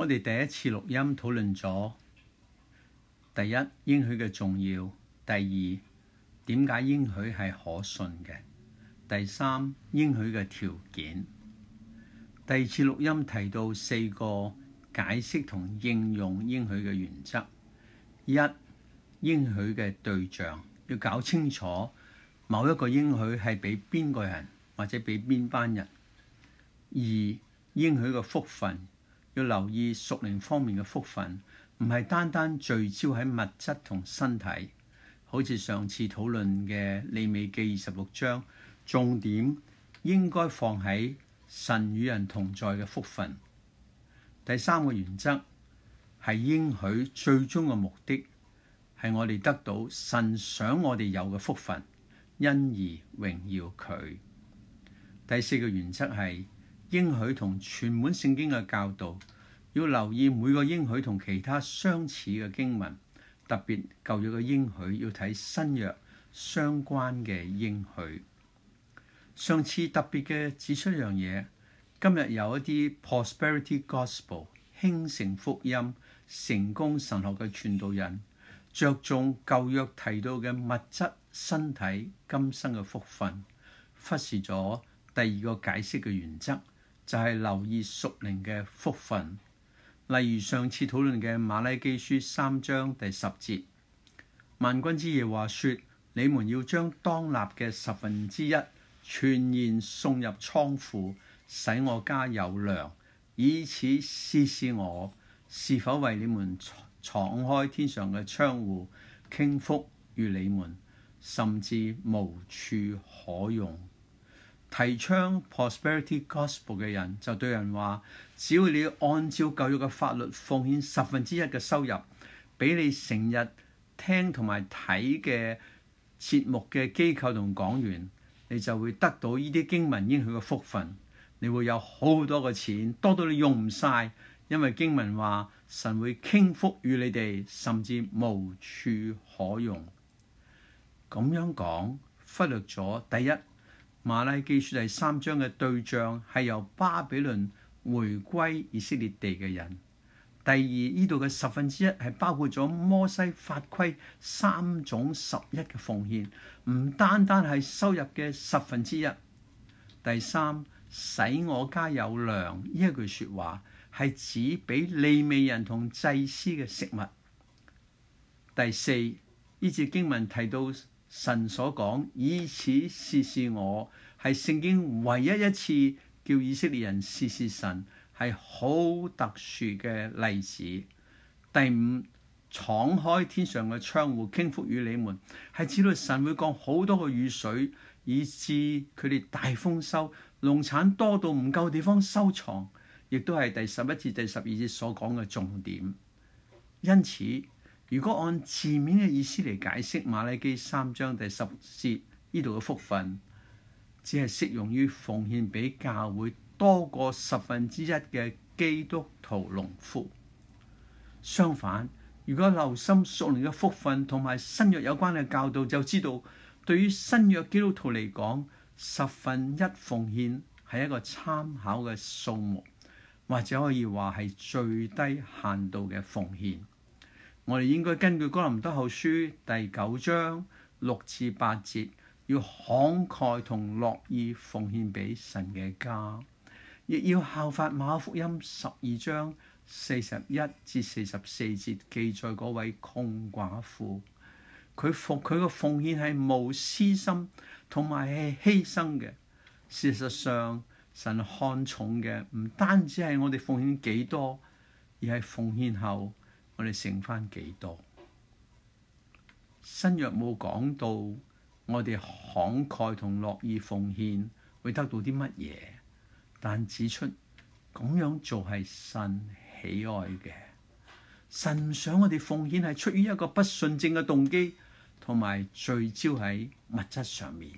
我哋第一次錄音討論咗：第一，應許嘅重要，第二，點解應許係可信嘅，第三，應許嘅條件。第二次錄音提到四個解釋同應用應許嘅原則：一、應許嘅對象，要搞清楚某一個應許係俾邊個人，或者俾邊班人；二、應許嘅福分。要留意屬靈方面嘅福分，唔係單單聚焦喺物質同身體，好似上次討論嘅利未記二十六章，重點應該放喺神與人同在嘅福分。第三個原則係應許，最終嘅目的係我哋得到神想我哋有嘅福分，因而榮耀佢。第四個原則係。應許同全本聖經嘅教導，要留意每個應許同其他相似嘅經文，特別舊約嘅應許要睇新約相關嘅應許。上次特別嘅指出一樣嘢，今日有一啲 Prosperity Gospel（ 興盛福音、成功神學）嘅傳道人，着重舊約提到嘅物質、身體、今生嘅福分，忽視咗第二個解釋嘅原則。就係留意屬靈嘅福分，例如上次討論嘅馬拉基書三章第十節，萬軍之耶和華說：你們要將當納嘅十分之一全然送入倉庫，使我家有糧，以此試試我是否為你們敞開天上嘅窗戶，傾福與你們，甚至無處可用。提倡 prosperity gospel 嘅人就對人話，只要你按照教育嘅法律奉獻十分之一嘅收入，俾你成日聽同埋睇嘅節目嘅機構同講員，你就會得到呢啲經文應許嘅福分，你會有好多嘅錢，多到你用唔晒，因為經文話神會傾福與你哋，甚至無處可用。咁樣講忽略咗第一。馬拉基書第三章嘅對象係由巴比倫回歸以色列地嘅人。第二，呢度嘅十分之一係包括咗摩西法規三種十一嘅奉獻，唔單單係收入嘅十分之一。第三，使我家有糧，呢一句說話係指俾利未人同祭司嘅食物。第四，呢節經文提到。神所講以此試試我，係聖經唯一一次叫以色列人試試神，係好特殊嘅例子。第五，敞開天上嘅窗戶傾福與你們，係知道神會降好多嘅雨水，以致佢哋大豐收，農產多到唔夠地方收藏，亦都係第十一節、第十二節所講嘅重點。因此。如果按字面嘅意思嚟解釋，瑪拉基三章第十節呢度嘅福分，只係適用於奉獻俾教會多過十分之一嘅基督徒農夫。相反，如果留心屬靈嘅福分同埋新約有關嘅教導，就知道對於新約基督徒嚟講，十分一奉獻係一個參考嘅數目，或者可以話係最低限度嘅奉獻。我哋應該根據《哥林多後書》第九章六至八節，要慷慨同樂意奉獻畀神嘅家；亦要效法馬可福音十二章四十一至四十四節記載嗰位窮寡婦，佢奉佢嘅奉獻係無私心，同埋係犧牲嘅。事實上，神看重嘅唔單止係我哋奉獻幾多，而係奉獻後。我哋剩翻幾多？新約冇講到我哋慷慨同樂意奉獻會得到啲乜嘢，但指出咁樣做係神喜愛嘅。神想我哋奉獻係出於一個不純正嘅動機，同埋聚焦喺物質上面。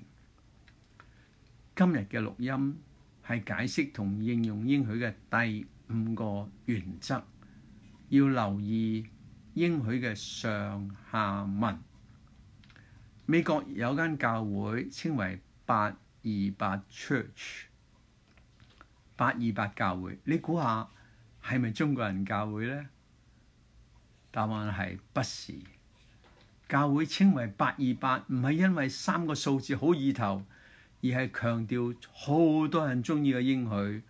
今日嘅錄音係解釋同應用應許嘅第五個原則。要留意應許嘅上下文。美國有間教會稱為八二八 Church，八二八教會。你估下係咪中國人教會咧？答案係不是。教會稱為八二八，唔係因為三個數字好意頭，而係強調好多人鍾意嘅應許《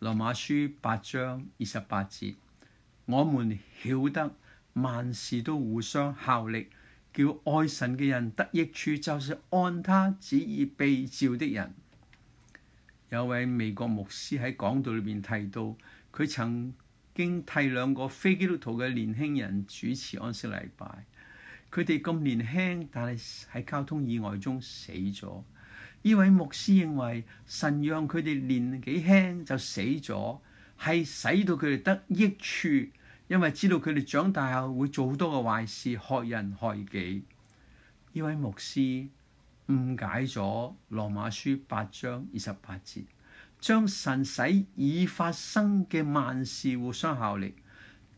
羅馬書》八章二十八節。我們曉得萬事都互相效力，叫愛神嘅人得益處，就是按他旨意被召的人。有位美國牧師喺講道裏邊提到，佢曾經替兩個非基督徒嘅年輕人主持安息禮拜。佢哋咁年輕，但係喺交通意外中死咗。呢位牧師認為神讓佢哋年紀輕就死咗。係使到佢哋得益處，因為知道佢哋長大後會做好多嘅壞事，害人害己。呢位牧師誤解咗羅馬書八章二十八節，將神使已發生嘅萬事互相效力，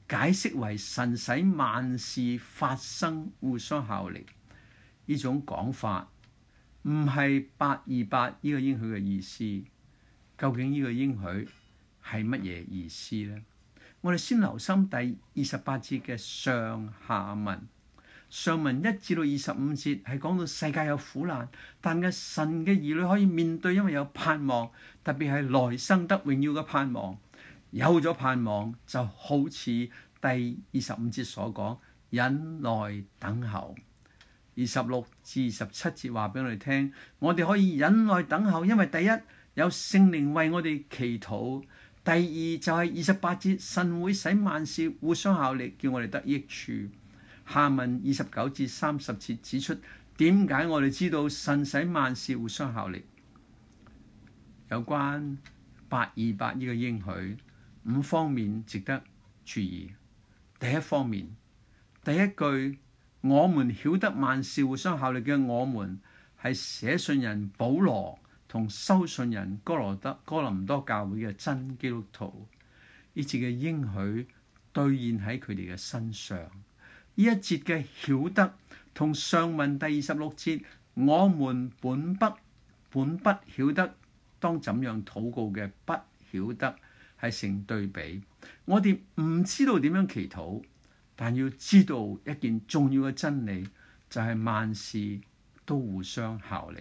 解釋為神使萬事發生互相效力。呢種講法，唔係八二八呢個應許嘅意思。究竟呢個應許係乜嘢意思呢？我哋先留心第二十八節嘅上下文。上文一至到二十五節係講到世界有苦難，但係神嘅兒女可以面對，因為有盼望，特別係來生得榮耀嘅盼望。有咗盼望，就好似第二十五節所講，忍耐等候。二十六至二十七節話俾我哋聽，我哋可以忍耐等候，因為第一，有聖靈為我哋祈禱。第二就係二十八節，神會使萬事互相效力，叫我哋得益處。下文二十九至三十節指出，點解我哋知道神使萬事互相效力？有關八二八呢個應許，五方面值得注意。第一方面，第一句，我們曉得萬事互相效力嘅，我們係寫信人保羅。同收信人哥羅德哥林多教會嘅真基督徒，呢節嘅應許兌現喺佢哋嘅身上，呢一節嘅曉得同上文第二十六節我們本不本不曉得當怎樣禱告嘅不曉得係成對比。我哋唔知道點樣祈禱，但要知道一件重要嘅真理，就係、是、萬事都互相效力。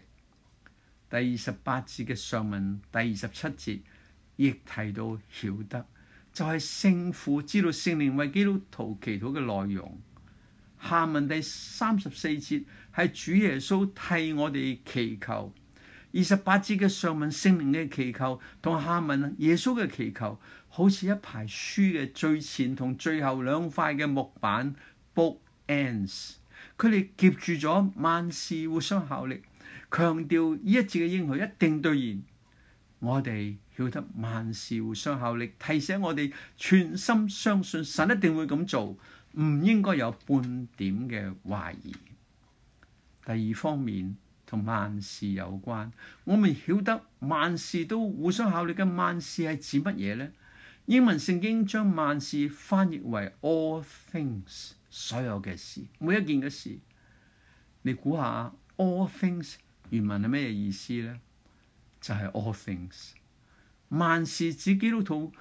第二十八節嘅上文，第二十七節亦提到曉得，就係、是、聖父知道聖靈為基督徒祈禱嘅內容。下文第三十四節係主耶穌替我哋祈求。二十八節嘅上文，聖靈嘅祈求同下文耶穌嘅祈求，好似一排書嘅最前同最後兩塊嘅木板 book ends，佢哋夾住咗萬事互相效力。強調呢一節嘅應許一定兌現，我哋曉得萬事互相效力，提醒我哋全心相信神一定會咁做，唔應該有半點嘅懷疑。第二方面同萬事有關，我們曉得萬事都互相效力嘅萬事係指乜嘢呢？英文聖經將萬事翻譯為 all things，所有嘅事，每一件嘅事。你估下 all things。原文係咩意思咧？就係 all things，萬事指基督徒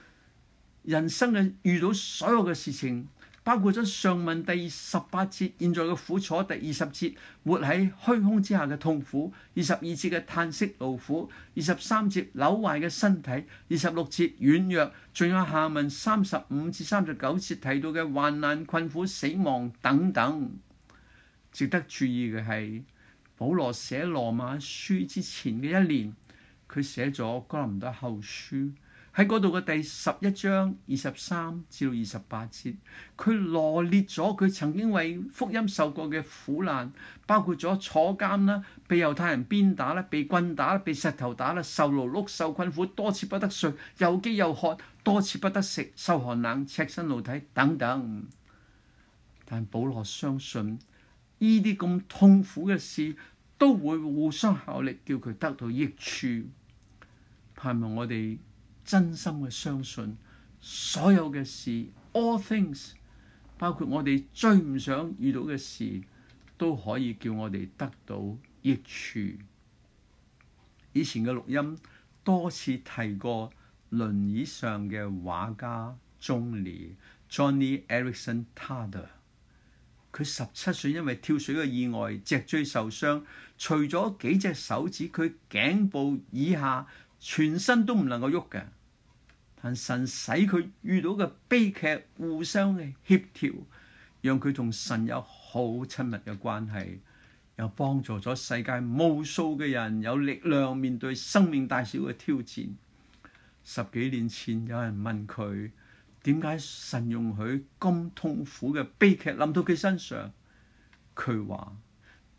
人生嘅遇到所有嘅事情，包括咗上文第十八節現在嘅苦楚，第二十節活喺虛空之下嘅痛苦，二十二節嘅嘆息勞苦，二十三節扭壞嘅身體，二十六節軟弱，仲有下文三十五至三十九節提到嘅患難困苦、死亡等等。值得注意嘅係。保羅寫羅馬書之前嘅一年，佢寫咗哥林多後書，喺嗰度嘅第十一章二十三至二十八節，佢羅列咗佢曾經為福音受過嘅苦難，包括咗坐監啦、被猶太人鞭打啦、被棍打啦、被石頭打啦、受勞碌、受困苦、多次不得睡、又飢又渴、多次不得食、受寒冷、赤身露體等等。但保羅相信。呢啲咁痛苦嘅事都會互相效力，叫佢得到益處。盼望我哋真心嘅相信，所有嘅事，all things，包括我哋最唔想遇到嘅事，都可以叫我哋得到益處。以前嘅錄音多次提過輪椅上嘅畫家 Johnny, Johnny Erickson Tada。佢十七歲因為跳水嘅意外，脊椎受傷，除咗幾隻手指，佢頸部以下，全身都唔能夠喐嘅。但神使佢遇到嘅悲劇互相嘅協調，讓佢同神有好親密嘅關係，又幫助咗世界無數嘅人有力量面對生命大小嘅挑戰。十幾年前，有人問佢。點解神容許咁痛苦嘅悲劇臨到佢身上？佢話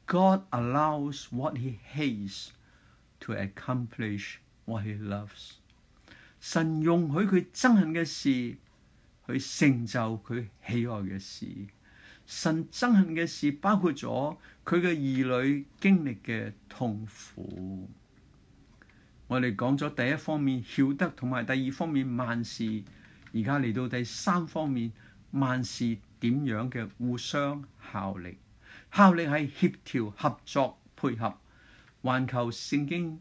God allows what He hates to accomplish what He loves。神容許佢憎恨嘅事去成就佢喜愛嘅事。神憎恨嘅事包括咗佢嘅兒女經歷嘅痛苦。我哋講咗第一方面曉得，同埋第二方面萬事。而家嚟到第三方面，萬事點樣嘅互相效力？效力係協調、合作、配合。環球聖經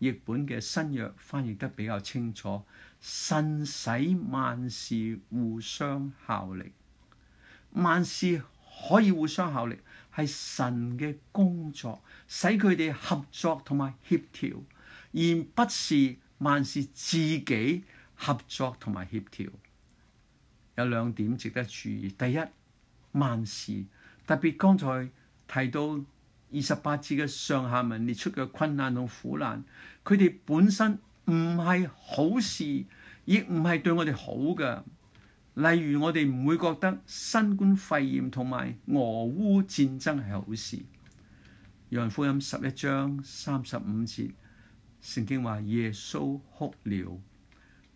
譯本嘅新約翻譯得比較清楚，神使萬事互相效力，萬事可以互相效力，係神嘅工作，使佢哋合作同埋協調，而不是萬事自己。合作同埋協調有兩點值得注意。第一，萬事特別剛才提到二十八節嘅上下文列出嘅困難同苦難，佢哋本身唔係好事，亦唔係對我哋好嘅。例如我哋唔會覺得新冠肺炎同埋俄烏戰爭係好事。《約翰福音》十一章三十五節，聖經話耶穌哭了。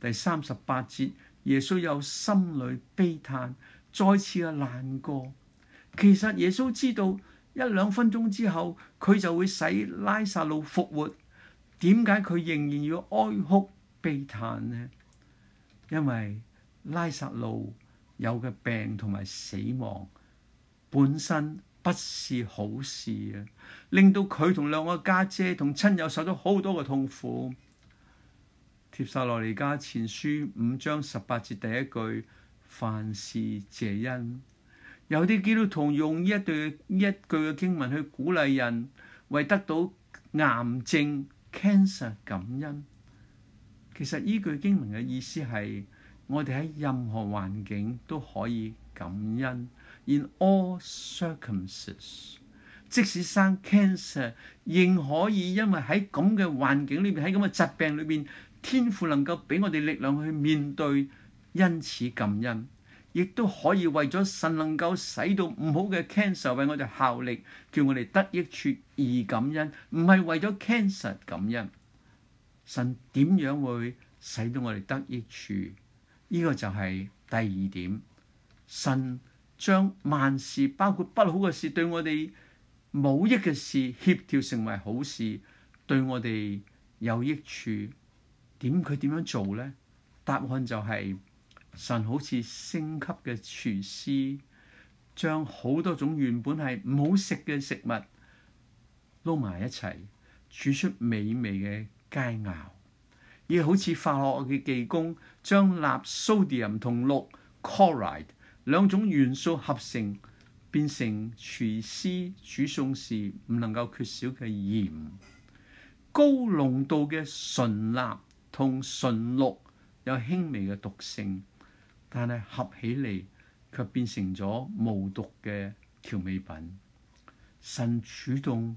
第三十八節，耶穌有心裏悲嘆，再次嘅難過。其實耶穌知道一兩分鐘之後，佢就會使拉撒路復活。點解佢仍然要哀哭悲嘆呢？因為拉撒路有嘅病同埋死亡本身不是好事啊，令到佢同兩個家姐同親友受咗好多嘅痛苦。《帖撒羅尼加前書》五章十八節第一句：凡事謝恩。有啲基督徒用呢一對一句嘅經文去鼓勵人，為得到癌症 cancer 感恩。其實呢句經文嘅意思係，我哋喺任何環境都可以感恩。In all circumstances，即使生 cancer，仍可以因為喺咁嘅環境裏面，喺咁嘅疾病裏面。天父能夠俾我哋力量去面對，因此感恩，亦都可以為咗神能夠使到唔好嘅 cancer 為我哋效力，叫我哋得益處而感恩，唔係為咗 cancer 感恩。神點樣會使到我哋得益處？呢個就係第二點，神將萬事包括不好嘅事，對我哋冇益嘅事協調成為好事，對我哋有益處。點佢點樣做咧？答案就係、是，神好似升級嘅廚師，將好多種原本係唔好食嘅食物撈埋一齊，煮出美味嘅佳餚，亦好似化學嘅技工將鈉 sodium 同氯 chloride 兩種元素合成，變成廚師煮餸時唔能夠缺少嘅鹽。高濃度嘅純鈉。同純氯有輕微嘅毒性，但係合起嚟卻變成咗無毒嘅調味品。神主動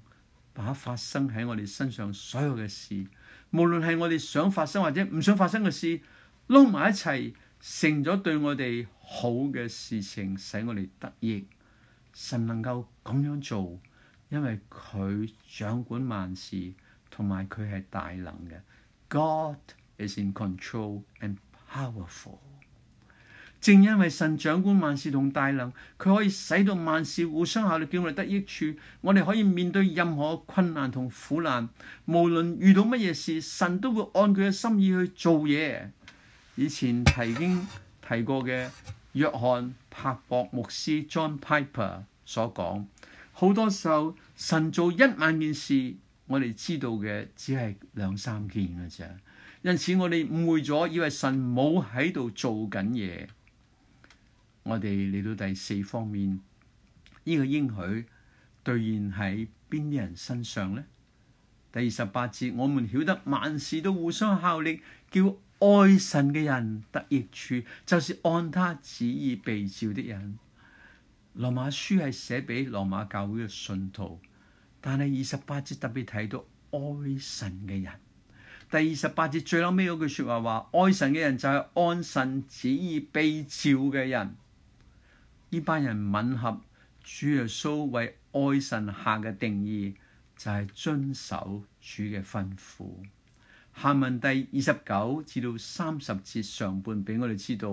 把發生喺我哋身上所有嘅事，無論係我哋想發生或者唔想發生嘅事，撈埋一齊，成咗對我哋好嘅事情，使我哋得益。神能夠咁樣做，因為佢掌管萬事，同埋佢係大能嘅。God is in control and powerful。正因為神掌管萬事同大能，佢可以使到萬事互相效力，叫我哋得益處。我哋可以面對任何困難同苦難，無論遇到乜嘢事，神都會按佢嘅心意去做嘢。以前提經提過嘅約翰柏博牧師 John Piper 所講，好多時候神做一萬件事。我哋知道嘅只係兩三件嘅啫，因此我哋誤會咗，以為神冇喺度做緊嘢。我哋嚟到第四方面，呢個應許兌現喺邊啲人身上咧？第二十八節，我們曉得萬事都互相效力，叫愛神嘅人得益處，就是按他旨意被召的人。羅馬書係寫俾羅馬教會嘅信徒。但係二十八節特別提到愛神嘅人，第二十八節最後尾嗰句話說話話：愛神嘅人就係安神旨意被召嘅人。呢班人吻合主耶穌為愛神下嘅定義，就係、是、遵守主嘅吩咐。下文第二十九至到三十節上半，畀我哋知道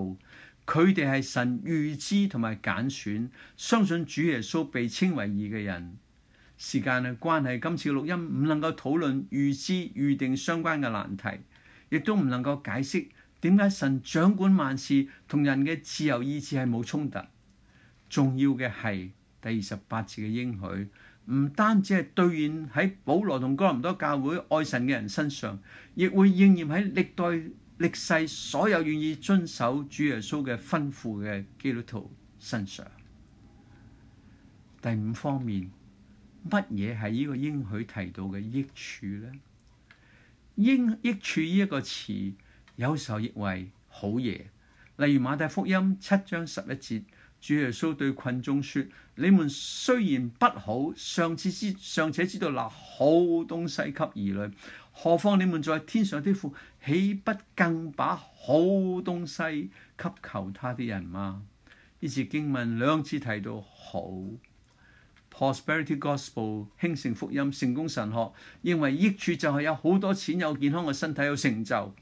佢哋係神預知同埋揀選，相信主耶穌被稱為義嘅人。時間嘅關係，今次錄音唔能夠討論預知預定相關嘅難題，亦都唔能夠解釋點解神掌管萬事同人嘅自由意志係冇衝突。重要嘅係第二十八節嘅應許，唔單止係兌現喺保羅同哥林多教會愛神嘅人身上，亦會應驗喺歷代歷世所有願意遵守主耶穌嘅吩咐嘅基督徒身上。第五方面。乜嘢係呢個應許提到嘅益處呢？應，益處呢一個詞有時候譯為好嘢。例如馬太福音七章十一節，主耶穌對羣眾説：你們雖然不好，尚且知尚且知道拿好東西給兒女，何況你們在天上啲父，豈不更把好東西給求他的人嗎？呢節經文兩次提到好。Prosperity gospel 興盛福音成功神學認為益處就係有好多錢，有健康嘅身體，有成就。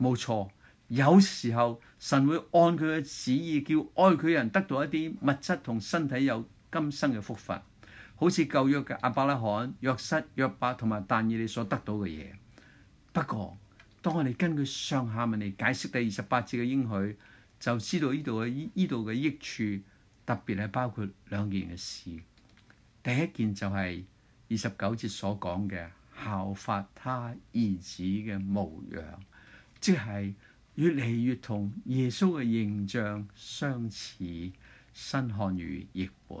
冇錯，有時候神會按佢嘅旨意叫愛佢人得到一啲物質同身體有今生嘅福分，好似舊約嘅亞伯拉罕、約瑟、約伯同埋但以理所得到嘅嘢。不過當我哋根據上下文嚟解釋第二十八節嘅應許，就知道呢度嘅呢度嘅益處。特別係包括兩件嘅事，第一件就係二十九節所講嘅效法他兒子嘅模樣，即係越嚟越同耶穌嘅形象相似。新漢語譯本，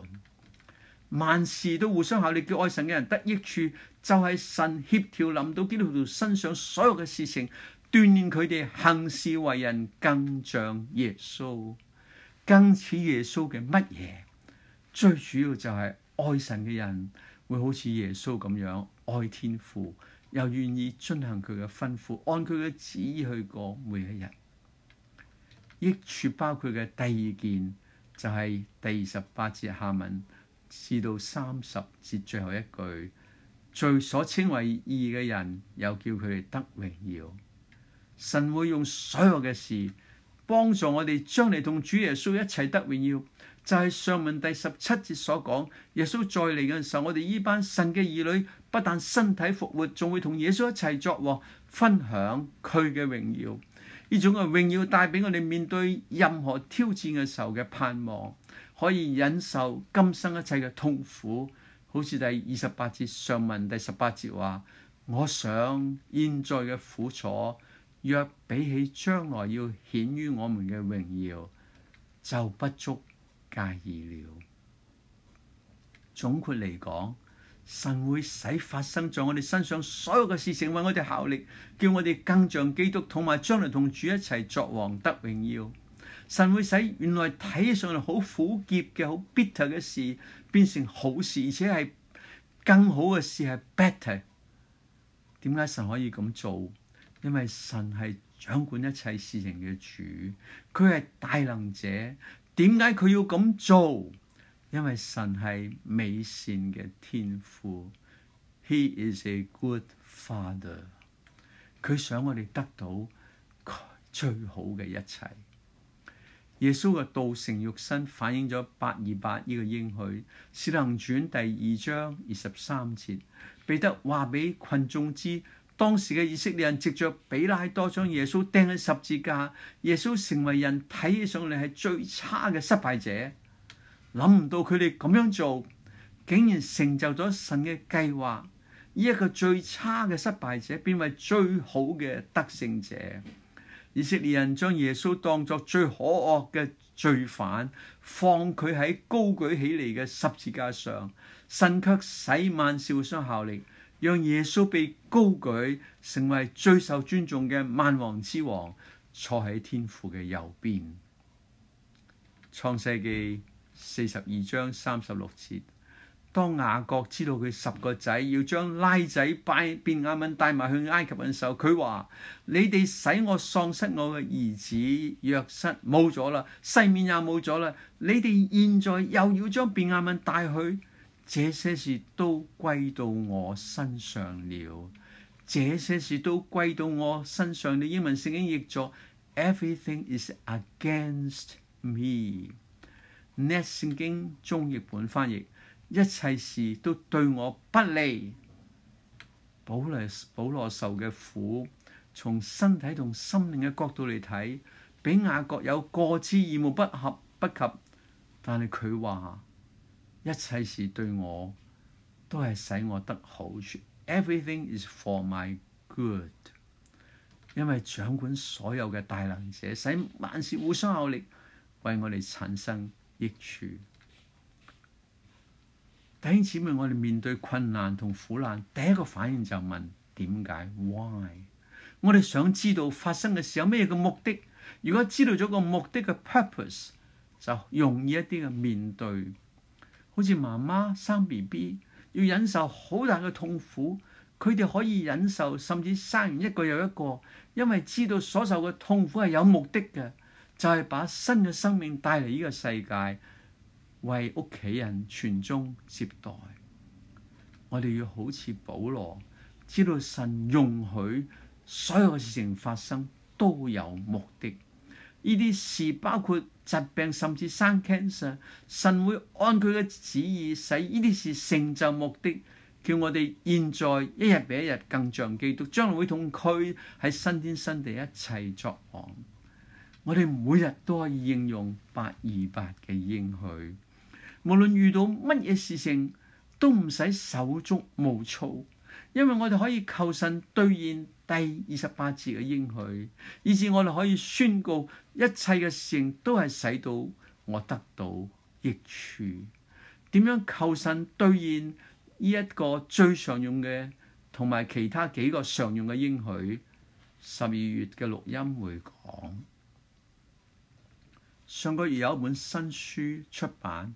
萬事都互相效力，叫愛神嘅人得益處，就係、是、神協調臨到基督徒身上所有嘅事情，鍛鍊佢哋行事為人更像耶穌。更似耶穌嘅乜嘢？最主要就係愛神嘅人會好似耶穌咁樣愛天父，又願意遵行佢嘅吩咐，按佢嘅旨意去過每一日。益處包括嘅第二件就係、是、第二十八節下文至到三十節最後一句，最所稱為義嘅人又叫佢哋得榮耀。神會用所有嘅事。幫助我哋將來同主耶穌一齊得榮耀，就係上文第十七節所講，耶穌再嚟嘅時候，我哋呢班神嘅兒女不但身體復活，仲會同耶穌一齊作王，分享佢嘅榮耀。呢種嘅榮耀帶俾我哋面對任何挑戰嘅時候嘅盼望，可以忍受今生一切嘅痛苦。好似第二十八節上文第十八節話，我想現在嘅苦楚。若比起將來要顯於我們嘅榮耀，就不足介意了。總括嚟講，神會使發生在我哋身上所有嘅事情，為我哋效力，叫我哋更像基督，同埋將來同主一齊作王得榮耀。神會使原來睇上嚟好苦澀嘅，好 bitter 嘅事變成好事，而且係更好嘅事，係 better。點解神可以咁做？因為神係掌管一切事情嘅主，佢係大能者，點解佢要咁做？因為神係美善嘅天父，He is a good father。佢想我哋得到最好嘅一切。耶穌嘅道成肉身反映咗八二八呢個應許，《使徒行傳》第二章二十三節，彼得話俾群眾知。當時嘅以色列人藉著比拉多將耶穌釘喺十字架，耶穌成為人睇起上嚟係最差嘅失敗者。諗唔到佢哋咁樣做，竟然成就咗神嘅計劃。呢一個最差嘅失敗者，變為最好嘅得勝者。以色列人將耶穌當作最可惡嘅罪犯，放佢喺高舉起嚟嘅十字架上，神卻使萬事互相效力。讓耶穌被高舉，成為最受尊重嘅萬王之王，坐喺天父嘅右邊。創世記四十二章三十六節，當雅各知道佢十個仔要將拉仔拜便雅憫帶埋去埃及嘅時候，佢話：你哋使我喪失我嘅兒子，約瑟冇咗啦，西緬也冇咗啦，你哋現在又要將便雅憫帶去？這些事都歸到我身上了，這些事都歸到我身上的英文聖經譯作：Everything is against me。《Net 聖經》中譯本翻譯：一切事都對我不利。保羅，保羅受嘅苦，從身體同心靈嘅角度嚟睇，比雅各有過之而無不合不及。但係佢話。一切事對我都係使我得好處。Everything is for my good，因為掌管所有嘅大能者，使萬事互相效力，為我哋產生益處。弟兄姊妹，我哋面對困難同苦難，第一個反應就問點解？Why？我哋想知道發生嘅事有咩嘅目的。如果知道咗個目的嘅 purpose，就容易一啲嘅面對。好似媽媽生 BB 要忍受好大嘅痛苦，佢哋可以忍受，甚至生完一個又一個，因為知道所受嘅痛苦係有目的嘅，就係把新嘅生命帶嚟呢個世界，為屋企人傳宗接代。我哋要好似保羅，知道神容許所有嘅事情發生都有目的。呢啲事包括疾病，甚至生 cancer，神會按佢嘅旨意使呢啲事成就目的，叫我哋現在一日比一日更像基督，將來會同佢喺新天新地一齊作王。我哋每日都可以應用八二八嘅應許，無論遇到乜嘢事情都唔使手足無措，因為我哋可以求神兌現。第二十八節嘅應許，以至我哋可以宣告一切嘅事都係使到我得到益處。點樣靠神兌現呢一個最常用嘅，同埋其他幾個常用嘅應許？十二月嘅錄音會講。上個月有一本新書出版，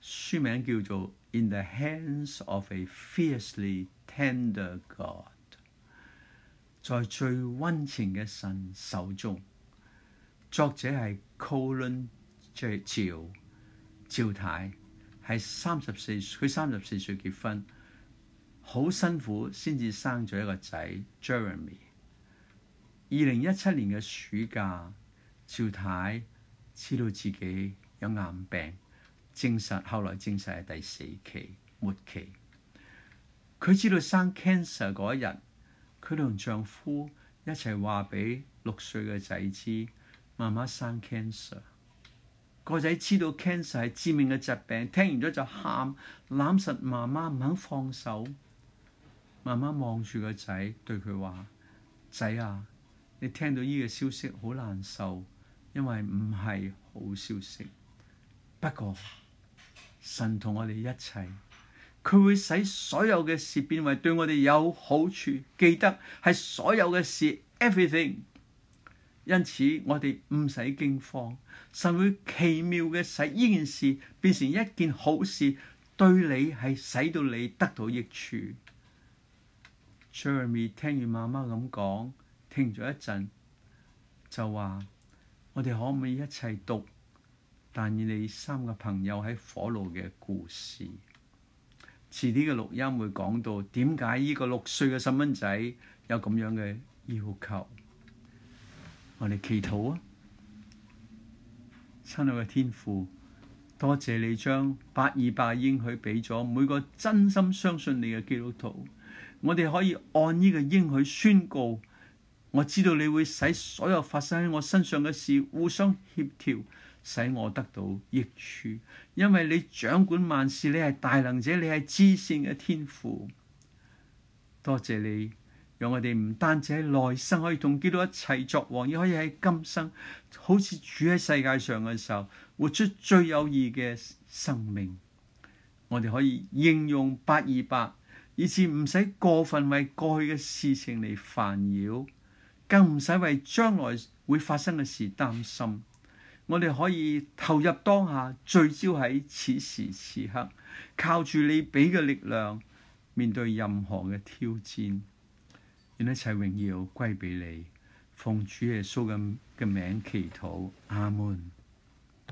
書名叫做《In the Hands of a Fiercely Tender God》。在最溫情嘅神手中，作者係 Colin 即係趙趙太，太，係三十四，佢三十四歲結婚，好辛苦先至生咗一個仔 Jeremy。二零一七年嘅暑假，趙太，太知道自己有癌病，證實後來證實係第四期末期。佢知道生 cancer 嗰一日。佢同丈夫一齊話畀六歲嘅仔知，媽媽生 cancer。個仔知道 cancer 係致命嘅疾病，聽完咗就喊，攬實媽媽唔肯放手。媽媽望住個仔，對佢話：仔啊，你聽到呢個消息好難受，因為唔係好消息。不過，神同我哋一齊。佢會使所有嘅事變為對我哋有好處。記得係所有嘅事，everything。因此我哋唔使驚慌，神會奇妙嘅使呢件事變成一件好事，對你係使到你得到益處。Jeremy 聽完媽媽咁講，停咗一陣就話：我哋可唔可以一齊讀，但以理三個朋友喺火爐嘅故事。遲啲嘅錄音會講到點解呢個六歲嘅細蚊仔有咁樣嘅要求，我哋祈禱啊！親愛嘅天父，多謝你將八二八嘅應許俾咗每個真心相信你嘅基督徒，我哋可以按呢個應許宣告。我知道你會使所有發生喺我身上嘅事互相協調，使我得到益處，因為你掌管萬事，你係大能者，你係知性嘅天父。多謝你，讓我哋唔單止喺內心可以同基督一齊作王，亦可以喺今生好似住喺世界上嘅時候，活出最有意義嘅生命。我哋可以應用八二八，以致唔使過分為過去嘅事情嚟煩擾，更唔使為將來會發生嘅事擔心。我哋可以投入當下，聚焦喺此時此刻，靠住你畀嘅力量，面對任何嘅挑戰，願一切榮耀歸畀你，奉主耶穌嘅名祈禱，阿門。